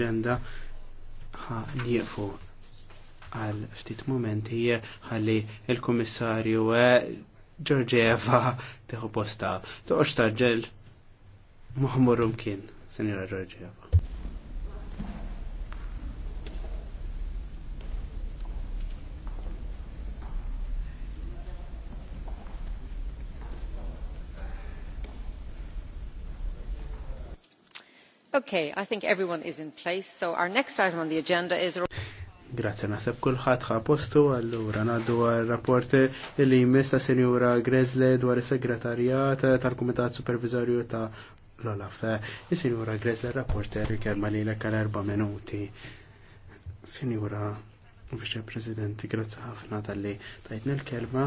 l-agenda ħa njiefu għal ftit momenti ħalli il-Kummissarju eh, Georgieva teħu posta. Toqgħodx taġġel moħmurum kien, Senjora Georgieva. Okay, I think everyone is in place, so our next item on the agenda is... Grazie, naħseb kulħadd ħa postu, allura naddu għal-rapport li ta' senjura Grezle dwar il-segretarjat tal-Kumitat Supervisorju ta' l-Olaf. Il-senjura Grezle rapporter kelma li għal erba minuti. Senjura Vice Presidenti, grazzi ħafna tal-li tajtna l-kelma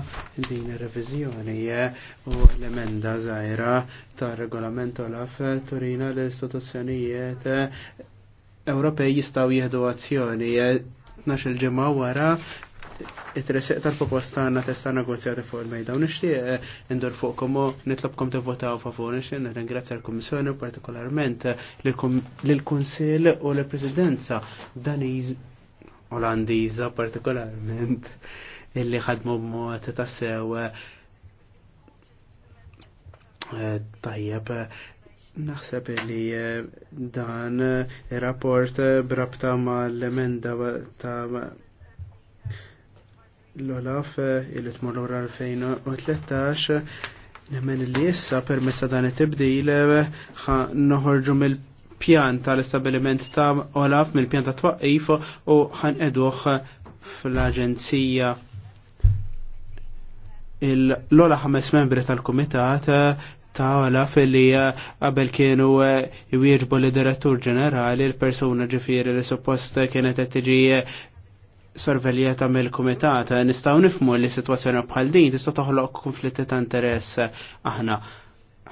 din revizjoni u l-emenda zaħira ta' regolament Olaf Turina l-istituzzjonijiet Ewropej jistaw jihdu azzjoni 12 ġemma wara it resiq tal-proposta għanna testa negozjati fuq il-mejda. Nishtiq indur fuqkom u nitlobkom t-votaw favor, n ringrazzja l u partikolarment l-Konsil u l-Presidenza. Dan Olandiża partikolarment illi ħadmu b'mod ta' sew eh, tajjeb naħseb li eh, dan ir-rapport eh, brabta mal-emenda ta' l-Olaf il tmur l-ora 2013 nemmen li issa permessa dan it-tibdil noħorġu mill pjan tal establiment ta' Olaf mill-pjan ta' twaqif u ħan eduħ fl-Aġenzija l-ola ħames membri tal-Kumitat ta' Olaf li qabel kienu jwieġbu li direttur ġenerali l-persuna ġifieri li suppost kienet qed tiġi sorveljata mill komitat nistgħu nifmu li situazzjoni bħal din tista' toħloq konflitti ta' interess aħna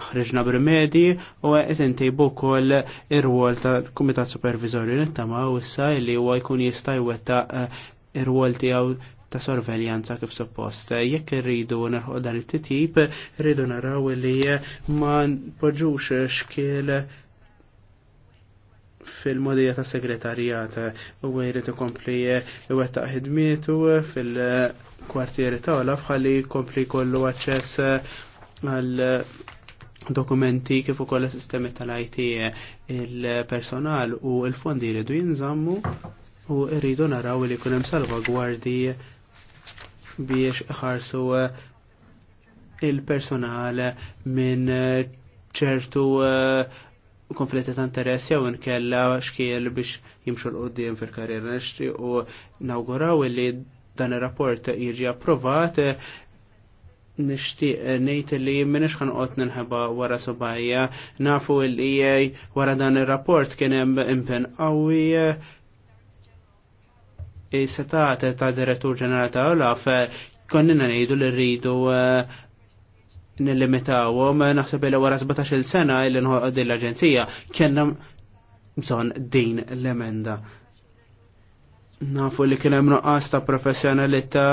ħriġna b'rimedi u qed intejbu wkoll ir-rwol tal-Kumitat Supervizorju nittama u issa li huwa jkun jista' jwettaq eh, ir-rwol tiegħu ta' sorveljanza kif suppost. Jekk irridu nerħu dan it-titip, irridu naraw li ma npoġġux xkiel fil-modija ta' segretarijat u għajrit ikompli wettaq ħidmietu fil- kwartieri ta' Olaf ħalli kompli kollu għacċess għal dokumenti kif ukoll is-sistemi tal-IT il-personal u l-fondi jridu jinżammu u rridu naraw li jkun hemm salvagwardi biex ħarsu eh, il-personal minn ċertu eh, konflitti ta' interess jew inkella xkiel biex jimxu l-qoddim fil-karriera u nawguraw li dan ir-rapport jiġi approvat eh, nishtiq eh, nejt li minix xan qot nħeba wara subajja nafu li eh, wara dan il-rapport kien hemm impen qawwi eh, setat ta' direttur Ġeneral ta' Olaf konnina nejdu li rridu nillimitawhom naħseb li wara 17-il sena li nħoqod l-aġenzija kienna bżonn din l-emenda nafu li kien hemm nuqqas ta' professjonalità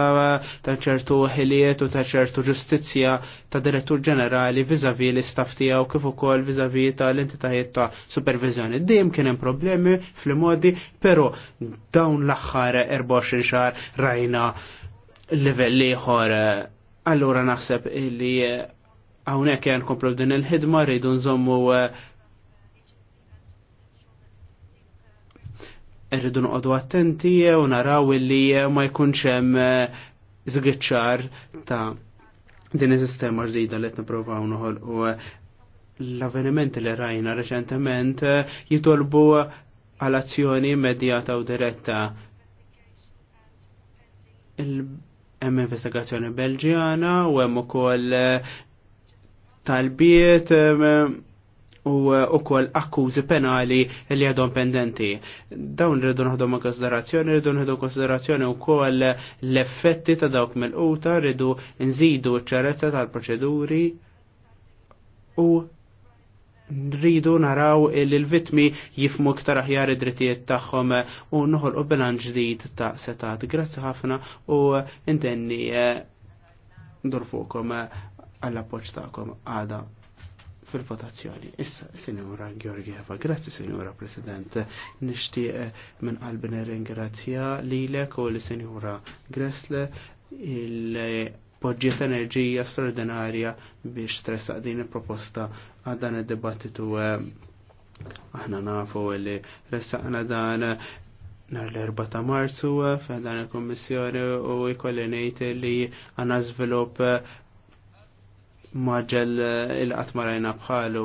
ta' ċertu ħiliet u ta' ċertu ġustizzja ta' direttur ġenerali viżavi l-istaff tiegħu kif ukoll ta' tal-entitajiet ta' supervizjoni. Dejjem kien hemm problemi fl-modi, però dawn l-aħħar 24 xahar rajna livell ieħor. Allura naħseb li hawnhekk komplu din il-ħidma rridu nżommu Irridu noqogħdu attenti u naraw illi eh, ma jkunx hemm eh, żgiċċar ta' din is-sistema ġdida li qed nippruvaw noħolqu l-avvenimenti li rajna reċentement eh, jitolbu għal azzjoni immedjata u diretta. Hemm investigazzjoni Belġjana u hemm ukoll talbiet u eh, ukoll akkużi penali li għadhom pendenti. Dawn rridu naħdu ma' konsiderazzjoni, rridu naħdu konsiderazzjoni wkoll l-effetti ta' dawk mill-quta, rridu nżidu ċ-ċarezza tal-proċeduri u rridu naraw li l-vitmi jifmu ktar aħjar id-drittijiet tagħhom u noħolqu bilan ġdid ta' setat. Grazzi ħafna u intenni eh, dur eh, għall-appoġġ tagħkom għada fil-votazzjoni. Issa, Signora Georgieva, grazzi Signora President, nishtiq minn qalbi li lilek u li Signora Gressle il-poġġiet enerġija straordinarja biex tressaq din il-proposta għad dan il debattitu eh, aħna nafu li ressaqna dan eh, nar l-4 ta' marzu eh, f'dan il-kommissjoni u jkolli ngħid li għandna żvilupp maġel eh, il qatmarajna bħalu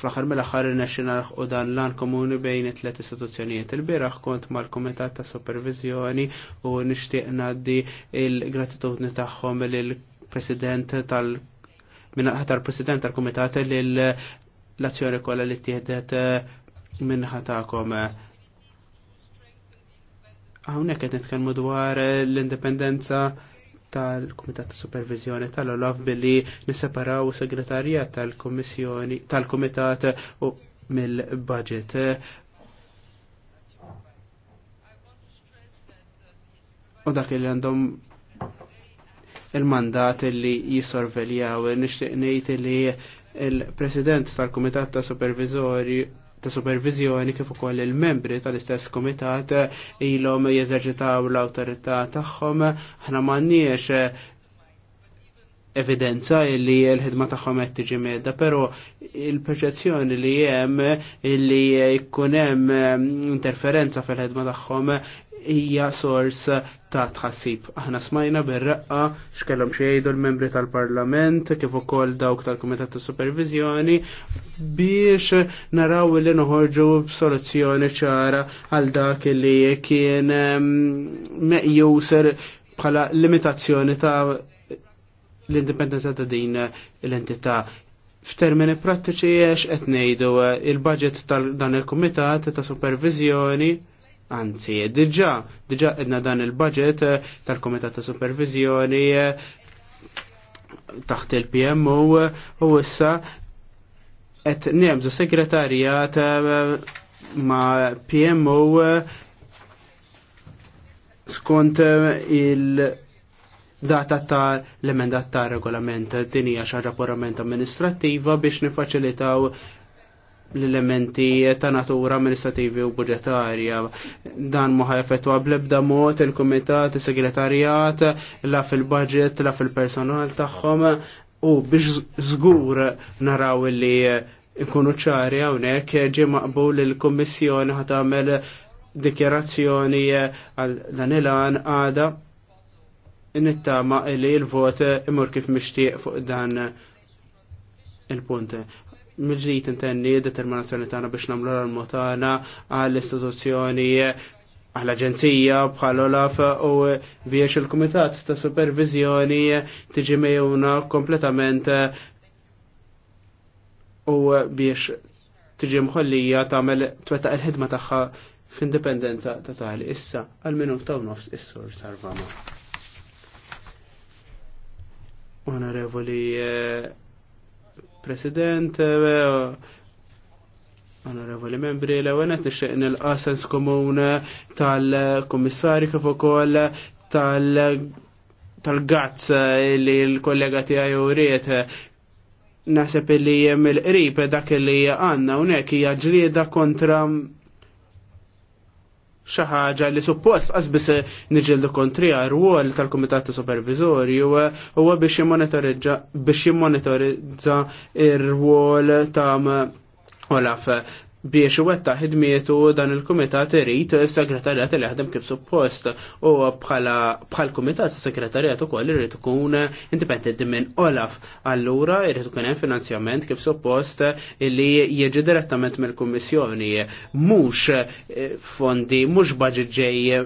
fl-axar mill-axar il national u eh, dan lan komuni bejn it-tlet istituzzjonijiet. Il-biraħ kont mal-Komitat ta' Supervizjoni u nixtieq naddi il-gratitudni tagħhom lill-President tal- minn ħatar president tal-Komitat l-azzjoni kollha li tieħdet eh, minn ħatakom. Hawnhekk qed nitkellmu dwar l-indipendenza tal-Kumitat ta' Supervizjoni tal-Olaf billi nisseparaw segretarja tal-Kummissjoni tal-Kumitat u mill-budget. U dak li għandhom il-mandat li jisorveljaw, nishtiq ngħid li il-President tal-Kumitat ta' Supervizjoni ta' supervizjoni kif ukoll il-membri tal-istess komitat eh, ilhom jeżerċitaw l-awtorità tagħhom aħna m'għandniex eh, evidenza illi l-ħidma tagħhom qed tiġi medda, però il-perċezzjoni li hemm illi jkun hemm eh, interferenza fil-ħidma tagħhom hija sors ta' tħassib. Aħna smajna bir-raqqa x'kellhom xi jgħidu l-membri tal-Parlament kif ukoll dawk tal-Kumitat ta' Supervizjoni biex naraw li noħorġu b'soluzzjoni ċara għal dak li kien meqjuser bħala limitazzjoni ta' l-indipendenza ta' din l-entità f'termini prattiċi għax qed ngħidu il-budget tal dan il-kumitat ta' supervizjoni Anzi, diġa, diġa edna dan il-budget eh, tal-Komitat ta' Supervizjoni eh, taħt il-PMU eh, u issa et nemżu segretarjat ma' PMU skont il-data ta' l-emendat ta' regolament dinija xa' rapporament amministrativa biex nifacilitaw l-elementi ta' natura amministrativi u budgetarja. Dan muħa ħajfetwa bl-ebda mod il-komitat, il-segretarijat, la fil-budget, la fil-personal tagħhom u biex żgur naraw li ikunu ċari hawnhekk ġie maqbul il-Kummissjoni ħat tagħmel dikjerazzjoni għal dan il-għan għada nittama li l-vot imur kif mixtieq fuq dan il-punt mġrit intenni determinazzjoni tagħna biex nagħmlu l-motana għall-istituzzjoni għall-Aġenzija bħal Olaf u biex il-Kumitat ta' Supervizjoni tiġi mejuna kompletament u biex tiġi mħollija tagħmel twettaq il-ħidma tagħha f'indipendenza ta' tali issa għal minu ta' nofs is-sur sarvama. Onorevoli eh, President, eh, onorevoli membri, l-ewenet nixxieq nil-qasens komuna tal-komissari kif ukoll tal-gazz li l-kollega tiegħi uriet naħseb li il qrib dak li għandna hawnhekk hija ġlieda kontra xaħġa ħaġa li suppost kontri għar u għal tal-Kumitat ta' Supervizorju eh, huwa biex jimmonitorizza biex jimmonitorizza r-rwol ta' Olaf biex wetta ħidmietu dan il-komitat irid is-segretarjat li ħadem kif suppost u bħal kumitat is-segretarjat ukoll irid ikun indipendenti minn Olaf. Allura irrit ikun hemm finanzjament kif suppost li jieġi direttament mill-Kummissjoni mhux eh, fondi mhux budget ġej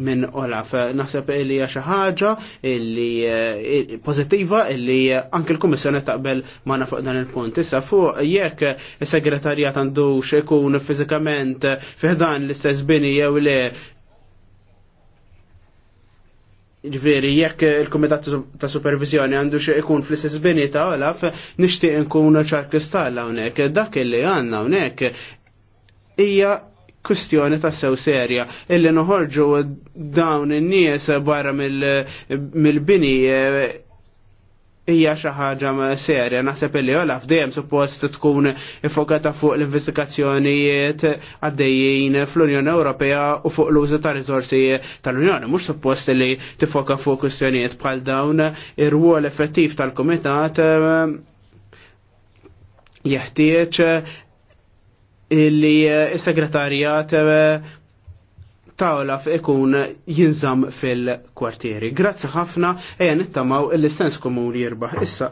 minn Olaf. Naħseb illi hija xi ħaġa li eh, pożittiva li eh, anke l-Kummissjoni taqbel magħna fuq dan il-punt. Issa fuq jekk is-segretarjat għandux ikun fiżikament eh, fiħdan l-istess bini jew le Ġveri, jekk il-Komitat ta' Supervizjoni għandu xe ikun fl-istess bini ta' Olaf, nishtiq nkun ċarkistalla unek. hawnhekk. Dak li għandna hawnhekk hija kustjoni ta' sew serja illi noħorġu dawn in-nies barra mill-bini e, hija xi ħaġa serja naħseb illi olaf dejjem suppost tkun ifokata fuq l-investigazzjonijiet għaddejjin fl-Unjoni Ewropea u fuq l-użu ta' riżorsi tal-Unjoni mhux suppost li tifoka fuq kustjonijiet bħal dawn ir-rwol effettiv tal-Kumitat e, jeħtieġ li eh, s-segretarjat eh, ta' Olaf ikun jinżam fil-kwartieri. Grazzi ħafna, eja nittamaw il-sens komun jirbaħ. Issa,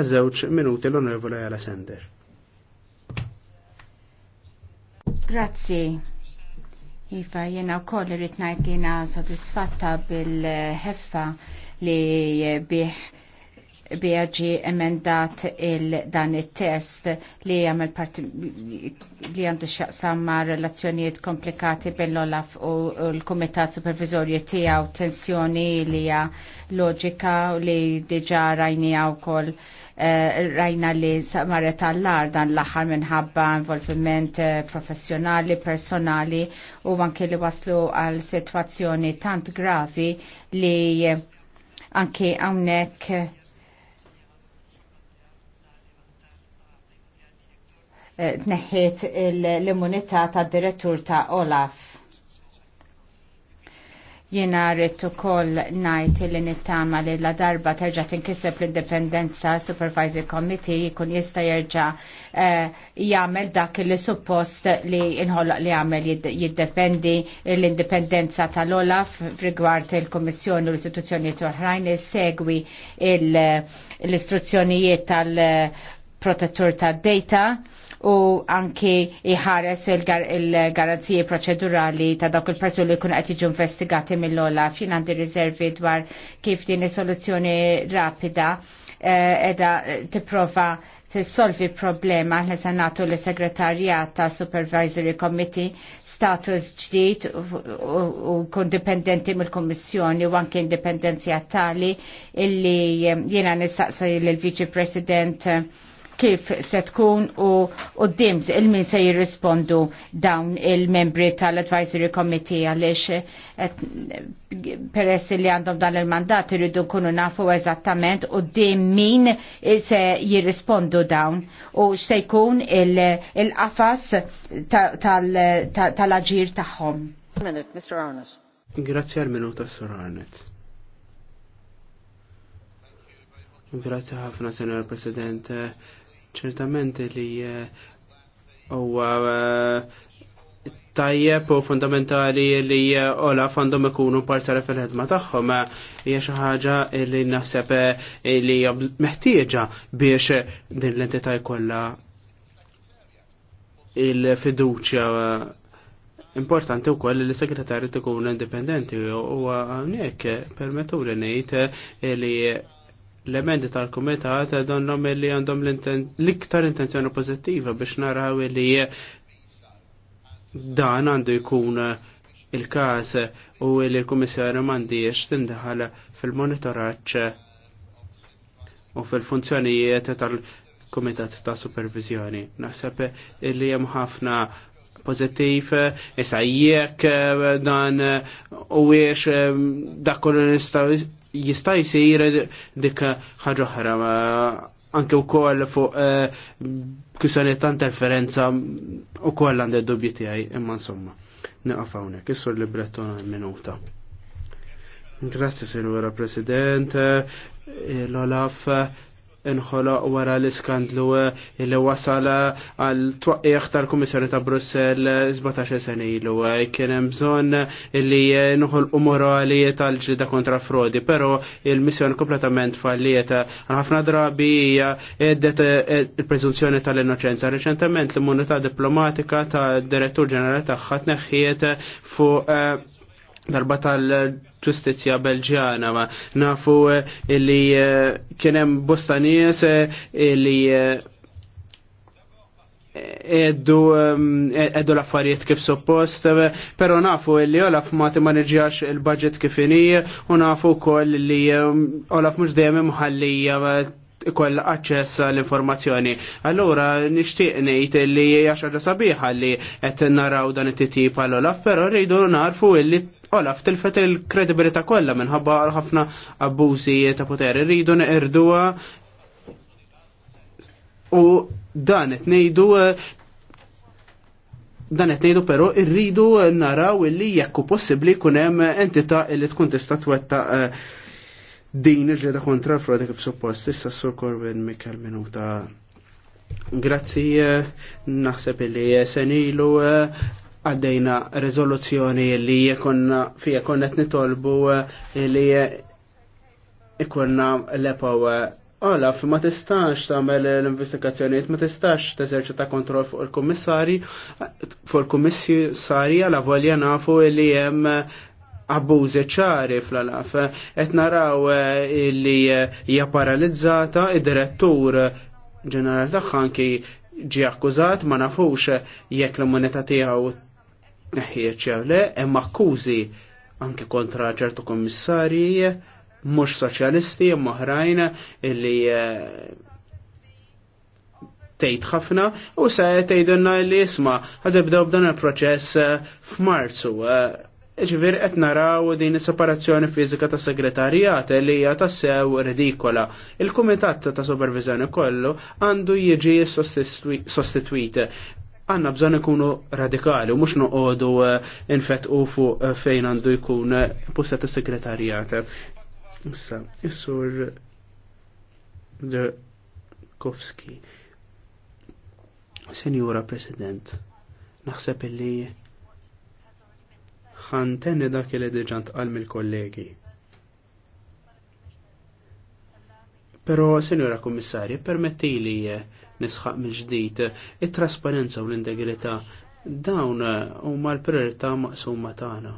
għazzewċ minuti l-Onorevole Jala Sender. Grazzi. Iva, jena u koll rritnajt jena sodisfatta bil-ħeffa li bih bieġi emendat il-dan il-test li għamil li għandu xaqsam ma' relazzjoniet komplikati bil-Olaf u l-Komitat Supervizorju tijaw tensjoni li hija loġika u li diġa rajni għaw kol eh, rajna li marret għallar dan l-axar minħabba involviment eh, professjonali, personali u anke li waslu għal situazzjoni tant gravi li anke għawnek Eh, tneħħiet l-immunità tad direttur ta' Olaf. Jena rrit ukoll ngħid li nittama li la darba terġa' tinkiseb l-indipendenza Supervisor Committee jkun jista' jerġa' eh, jagħmel dak li suppost li inħoloq li jagħmel jiddependi l-indipendenza tal-Olaf rigward il-Kummissjoni u l istituzzjoni oħrajn segwi l-istruzzjonijiet tal-protettur eh, tad-data u anki iħares il-garanziji proċedurali ta' dawk il-persu li kun qed jiġu investigati mill-ola fin għandi riservi dwar kif din soluzzjoni rapida eh, edha eh, tipprova solvi problema li sanatu nagħtu l segretarjat ta' Supervisory Committee status ġdid u kun dipendenti mill-Kommissjoni u anke indipendenzja tali illi eh, jiena nistaqsa lill-Viċi President kif se tkun u qoddim il-min se jirrispondu dawn il-membri tal-Advisory Committee għaliex peress li għandhom dan il-mandat irridu nkunu nafu eżattament qoddim min se jirrispondu dawn u x'se jkun il-qafas tal-aġir tagħhom. Grazie għal minuta, Sir Arnett. Grazie ħafna, Senor President ċertament li eh, huwa eh, tajjeb u fundamentali li eh, Olaf għandhom ikunu parsara fil-ħedma tagħhom hija xi ħaġa li naħseb li hija meħtieġa biex din l-entità jkollha il-fiduċja importanti wkoll li segretarju tkun indipendenti u hawnhekk permettu li ngħid li l-emendi tal-komitat donnom li għandhom l-iktar intenzjoni pozittiva biex naraw li dan għandu jkun il-kas u li l-Komissjoni mandiex tindħala fil-monitoraċ u fil-funzjonijiet tal kumitat ta' Supervizjoni. Naħseb li hemm ħafna pozittiv, issa jekk dan u wiex eh, dak kollu nistgħu jista' jsir dik ħaġa oħra anke wkoll fuq eh, kwistjonijiet ta' interferenza wkoll għandha dubji tiegħi imma insomma nieqaf hawnhekk issur libretto minuta. Grazzi Sinjora President, eh, l-Olaf inħolo wara l-iskandlu eh, li wasal eh, għal twaqqieħ tal-Kummissjoni ta' Brussel 17 eh, sena ilu. Kien hemm bżonn li nħolqu morali tal ġida kontra frodi, però il-missjoni kompletament falliet. Ħafna drabi hija għeddet il-preżunzjoni tal-innoċenza. Reċentement l-immunità diplomatika tad direttur ġenerali tagħha tneħħiet fuq darba tal-ġustizja belġjana ma nafu eh, illi eh, kienem bosta nies eh, illi eddu eddu l-affarijiet kif suppost, pero nafu illi Olaf ma timaneġjax il-budget kif u nafu wkoll li Olaf mhux dejjem imħallija ikoll aċċess l-informazzjoni. Allura nixtieq ngħid li hija sabiħa li qed naraw dan it-titip għal Olaf, però rridu narfu illi Olaf tilfet il-kredibilità kollha minħabba ħafna abbużi ta' poter irridu neqirduha u dan qed ngħidu dan qed ngħidu però rridu naraw illi jekk possibbli jkun hemm entità li tkun tista' twetta' eh, din il-ġeda kontra l-frodi kif suppost. Issa s-sur Corbin Mikkel minuta. Grazzi, eh, naħseb eh, se senilu għaddejna rezoluzzjoni li jekonna fija konna qed nitolbu eh, li jekonna l-epaw e. Olaf, ma tistax tagħmel l-investigazzjonijiet, ma tistax teżerċita kontroll fuq il kommissari fuq il kommissari għala volja nafu li hemm abbużi ċari fl-alaf. Et naraw eh, li hija paralizzata id-direttur ġeneral tagħha ġi akkużat ma nafux jekk l-immunità tiegħu neħieċ le, hemm akkużi anke kontra ċertu kommissarji mhux soċjalisti imma oħrajn illi eh, tgħid ħafna u se tgħidilna li isma' ħadibdew b'dan il-proċess eh, f'Marzu. Eh, Ġvir qed naraw din is-separazzjoni fiżika ta' segretarijat li hija tassew ridikola. Il-Kumitat ta' Supervizjoni kollu għandu jiġi sostitwit għanna bżan ikunu radikali u mux noqodu eh, infet u fu eh, fejn għandu jkun eh, pusset il-segretarijat. Issa, issur Dirkowski, Senjura President, naħseb illi ħantenni dak li diġant għal kollegi Pero, Senjura Kommissarju, permetti li nisħaq mill-ġdid, it-trasparenza u l-integrità dawn eh, huma l-priorità maqsuma tagħna.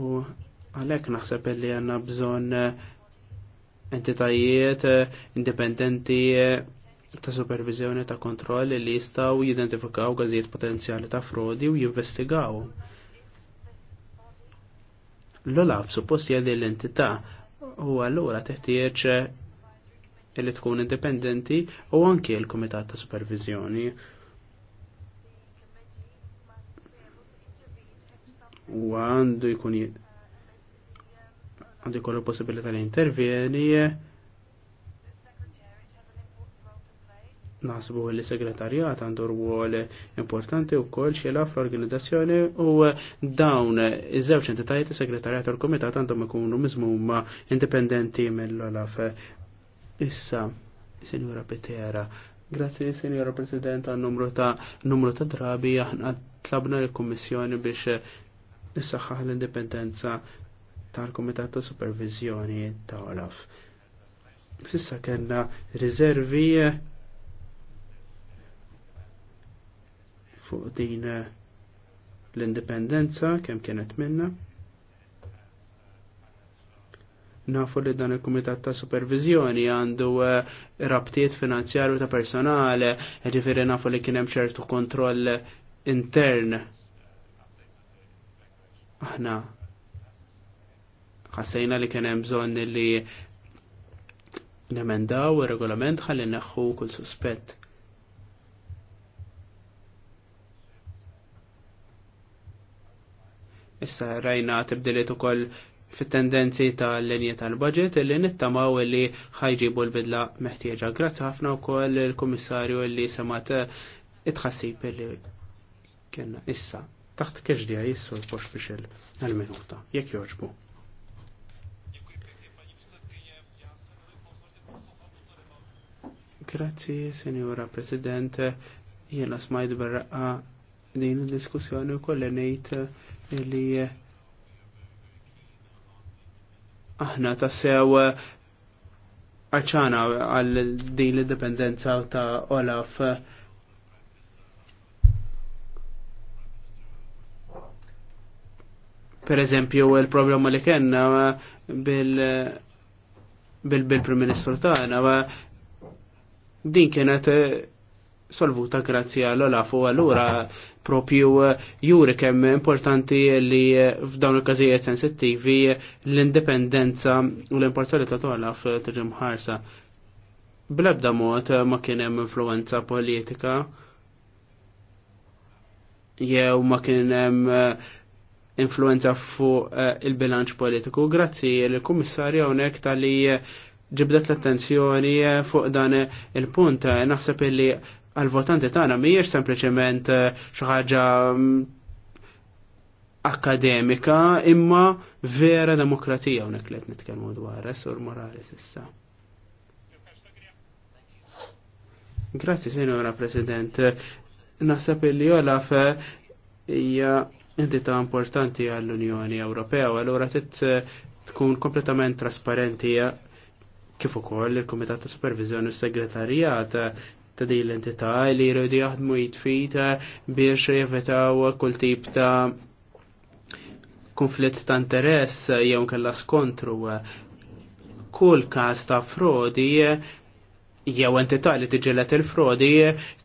U għalhekk naħseb li għandna bżonn eh, entitajiet eh, indipendenti ta' supervizjoni ta' kontroll li jistaw jidentifikaw każijiet potenzjali ta' frodi u jinvestigaw. L-olaf suppost jgħaddi l-entità u allura teħtieġ li tkun indipendenti u anke l-Kumitat ta' Supervizjoni. U għandu jkun għandu l possibilità li intervjeni Nasbu li segretarjat għandu rwol importanti u kol laf fl-organizzazzjoni u dawn iż-żewġ entitajiet segretarjat u l-komitat għandhom ikunu mizmumma indipendenti mill-olaf. Issa, Signora Pitera, Grazie, Signora President, għal numru ta' numru ta' drabi aħna tlabna l-Kommissjoni biex issaħħaħ l-indipendenza tal-Komitat ta' Supervizjoni ta' Olaf. Sissa kellna riservi fuq din l-indipendenza kemm kienet minna. Nafu li dan il-Kumitat ta' Supervizjoni għandu eh, rabtiet finanzjarju ta' personale, ġifiri nafu li kienem ċertu kontroll intern. Aħna ħassejna li kienem bżon li nemendaw ir regolament ħalli neħħu kull suspett. Issa rajna tibdiliet ukoll fit-tendenzi tal linja tal-budget li nittamaw li ħajġibu l-bidla meħtieġa. Grazzi ħafna wkoll il-Kummissarju li semat eh, itħassib li kena issa taħt keġdija jissu l-pox biex il minuta Jekk joġbu. Grazzi, Senjora President, jiena smajt barraqqa din il-diskussjoni u kollenejt li aħna sew għacċana eh, għal din l-indipendenza ta' Olaf. Per eżempju, il problema li kena eh, bil-Prim-Ministru ta' għana, tagħna eh, din kienet solvuta grazzi għal Olaf u għallura propju eh, juri kemm importanti li eh, f'dawn il-każijiet sensittivi l-indipendenza u l-imparzjalità ta' Olaf eh, tiġi mħarsa. ħarsa. ebda mod ma kien hemm influenza politika jew ma kien hemm influenza fuq il-bilanċ politiku. Grazzi l-Kummissarju hawnhekk tal-li ġibdet l-attenzjoni fuq dan il-punt. Naħseb illi għal-votanti tagħna mhijiex sempliċement eh, xi ħaġa mm, akademika imma vera demokratija hawnhekk li qed nitkellmu dwar eh, Sur Morales issa. Grazzi, Senjora President. Naħseb li Olaf eh, hija entità importanti għall-Unjoni Ewropea u allura tkun kompletament trasparenti kif ukoll il-Kumitat ta' Supervizjoni u s Segretarijat ta' din l-entità li jridu jaħdmu jitfita biex jevitaw kull tip ta' konflitt ta' interess jew kella skontru. Kull każ ta' frodi jew entità li tiġilet il-frodi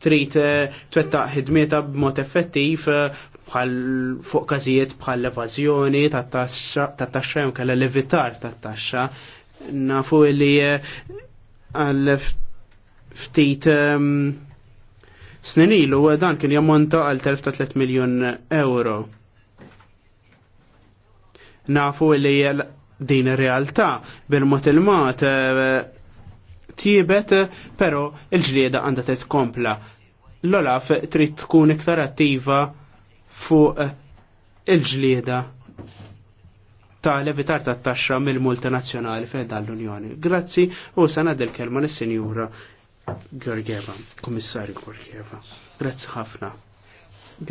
trid twettaq ħidmieta b'mod effettiv bħal fuq każijiet bħal l-evażjoni tat-taxxa jew kella levitar tat-taxxa nafu li għal ftit ehm, snin ilu eh, dan kien jammonta għal 13 miljon euro. Nafu li din ir-realtà bil-mot il-mat eh, tibet, pero il-ġlieda għandha titkompla. L-Olaf trid tkun iktar attiva fuq eh, il-ġlieda ta' levitar ta' taxxa mill-multinazzjonali fil l-Unjoni. Grazzi u sanad il-kelma lis-Sinjura Gorgeva, Komissarju Gorgeva, Grazzi ħafna.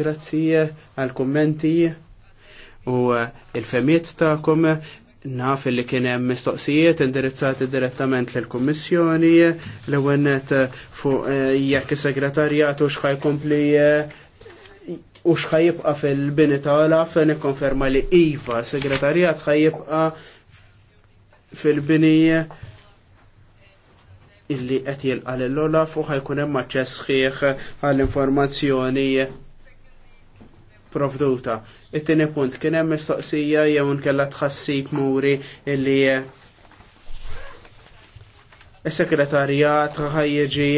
Grazzi għal kommenti u eh, il-femiet ta'kom naf li kien hemm mistoqsijiet indirizzati direttament lill kummissjoni l ewwenet eh, fuq eh, jekk is-segretarjat u x'ħajkompli u x'ħajibqa' fil-bini tal-għalaf nikkonferma li iva, segretarjat ħajibqa' fil-bini illi qed jilqa' lill-Olaf u ħajkun hemm aċċess sħiħ għall-informazzjoni provduta. It-tieni punt kien hemm mistoqsija jew nkella tħassib muri illi is-sekretarjat ħajjiġi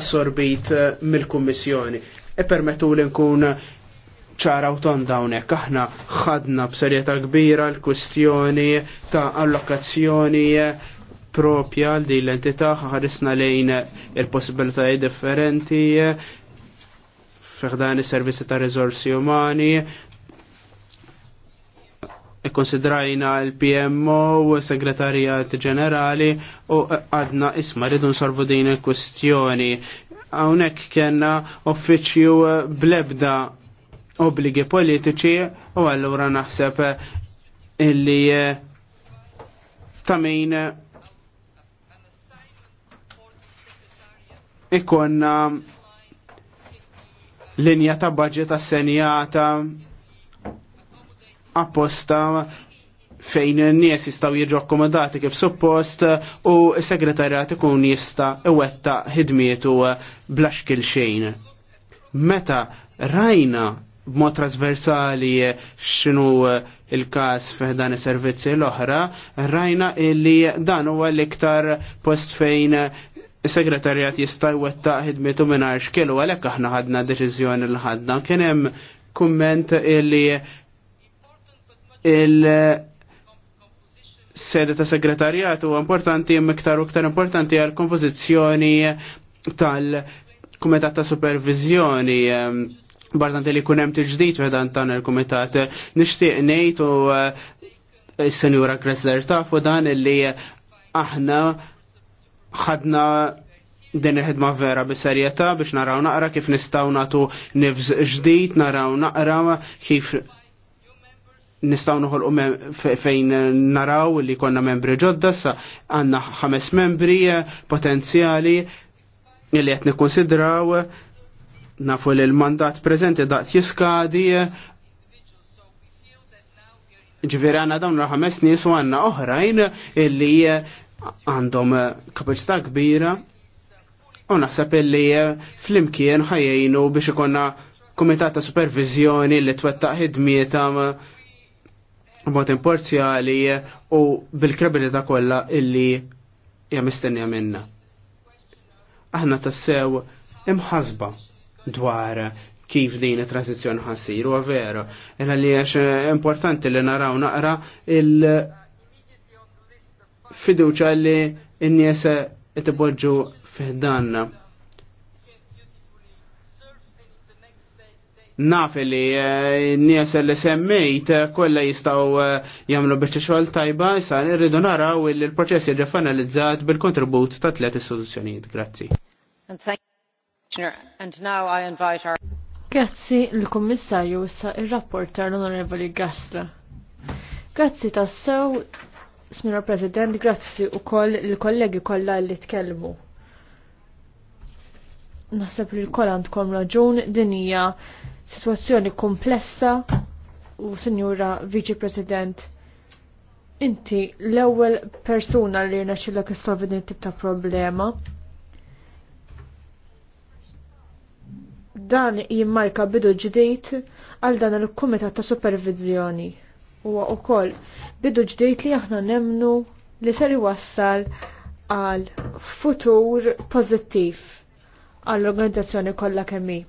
assorbit mill-Kummissjoni. Ippermettu permettu li nkun ċara u tonda unek, aħna ħadna b'serjetà kbira l-kwistjoni ta' allokazzjoni propja li l-entità ħarisna lejn il-possibilitajiet differenti fiħdan is-servizzi ta' rizorsi umani, ikkonsidrajna l-PMO u segretarijat ġenerali u għadna isma rridu nsorvu din il-kwestjoni. Hawnhekk kellna uffiċċju blebda obbligi politiċi u allura naħseb illi tamin ikonna linja ta' budget assenjata apposta fejn n-nies jistaw jiġu akkomodati kif suppost u s-segretarjat ikun jista iwetta ħidmietu bla xkil xejn. Meta rajna b'mod trasversali x'inhu il-każ f'dan is-servizzi l-oħra, rajna illi dan huwa l-iktar post fejn segretarjat jista' jwettaq ħidmietu mingħajr xkielu għalhekk aħna ħadna deċiżjoni l ħadna kien hemm kumment li il sede ta' segretarjat huwa importanti miktar u ktar importanti għal kompożizzjoni tal-Kumitat ta' Supervizjoni bartanti li kunem t-ġdijt vedan tan il-komitat nishtiq nejt u eh, s-senjura Kressler tafu dan illi aħna ħadna din il-ħidma vera bis-serjetà biex naraw naqra kif nistgħu nagħtu nifs ġdid, naraw naqra kif nistaw noħolqu fejn naraw li konna membri ġodda, sa għanna ħames membri eh, potenzjali li qed nikkonsidraw nafu li l-mandat preżenti daqt jiskadi ġviri għanna dawn l-ħames nies u għanna oħrajn illi eh, għandhom eh, kapacità kbira u naħseb illi eh, fl-imkien ħajjejnu biex ikonna komitat ta' supervizjoni li twettaq ħidmieta eh, b'mod imparzjali u bil-kredibilità kollha illi hija mistennija minna. Aħna tassew imħasba dwar kif din it-transizjoni ħassir u veru. Illa li għax importanti li naraw naqra il- fiduċa li n it itiboġġu fiħdanna. Naf li eh, n-nies li semmejt eh, kollha jistgħu eh, jagħmlu bieċa xogħol tajba, issa irridu naraw li l-proċess jġafanalizzat bil-kontribut ta' tliet istituzzjonijiet. Grazzi. Grazzi l kommissarju issa ir rapport l-Onorevoli Gasla. Grazzi tassew Signora President, grazzi u koll il-kollegi kollha li tkellmu. Naħseb li l-koll għandkom raġun din hija sitwazzjoni komplessa u Signora Vice President, inti l-ewwel persuna li naxilek issolvi din tip ta' problema. Dan jimmarka bidu ġdid għal dan il-Kumitat ta' Supervizjoni huwa wkoll bidu ġdejt li aħna nemnu li ser iwassal għal futur pożittiv għall-organizzazzjoni kollha kemm hi.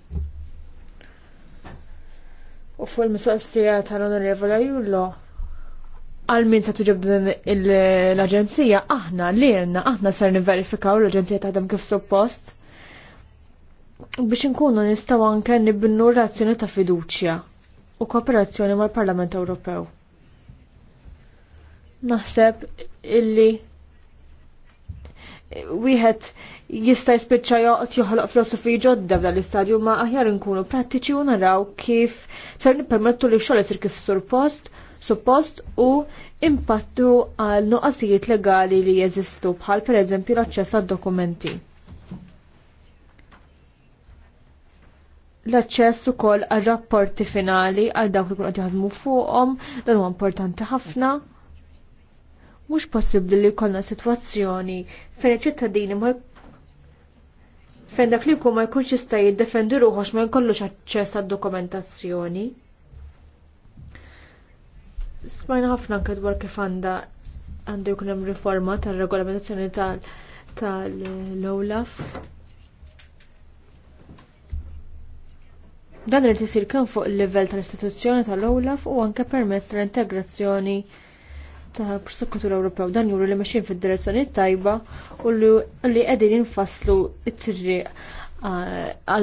U fuq il-mistoqsija tal-Onorevole Jullo għal min se tuġib din l-aġenzija aħna li għanna aħna ser niverifikaw l-aġenzija taħdem kif suppost biex inkunu nistgħu anke nibnu relazzjoni ta' fiduċja u kooperazzjoni mal-Parlament Ewropew. Naħseb illi wieħed jista' jispiċċa joqgħod joħloq filosofi ġodda f'dan l-istadju ma aħjar inkunu prattiċi u naraw kif ser nippermettu li xogħol isir kif surpost, suppost u impattu għal nuqqasijiet legali li jeżistu bħal pereżempju l-aċċess għad dokumenti. L-aċċess ukoll għal rapporti finali għal dawk li kun qed jaħdmu fuqhom dan huwa importanti ħafna Mhux possibbli li jkollna sitwazzjoni fejn iċ-ċittadini ma fejn dak li jkun ma jkunx jista' jiddefendi ruħox ma jkollux aċċess għad-dokumentazzjoni. Smajna ħafna anke dwar kif għandha għandu jkun hemm riforma tar-regolamentazzjoni tal-Olaf. Dan irid isir kemm fuq il-livell tal-istituzzjoni tal-Olaf u anke permezz tal-integrazzjoni tal integrazzjoni ta' prosekutur Ewropew dan juru li mexin fid-direzzjoni tajba u li qegħdin jinfasslu t-tirri għal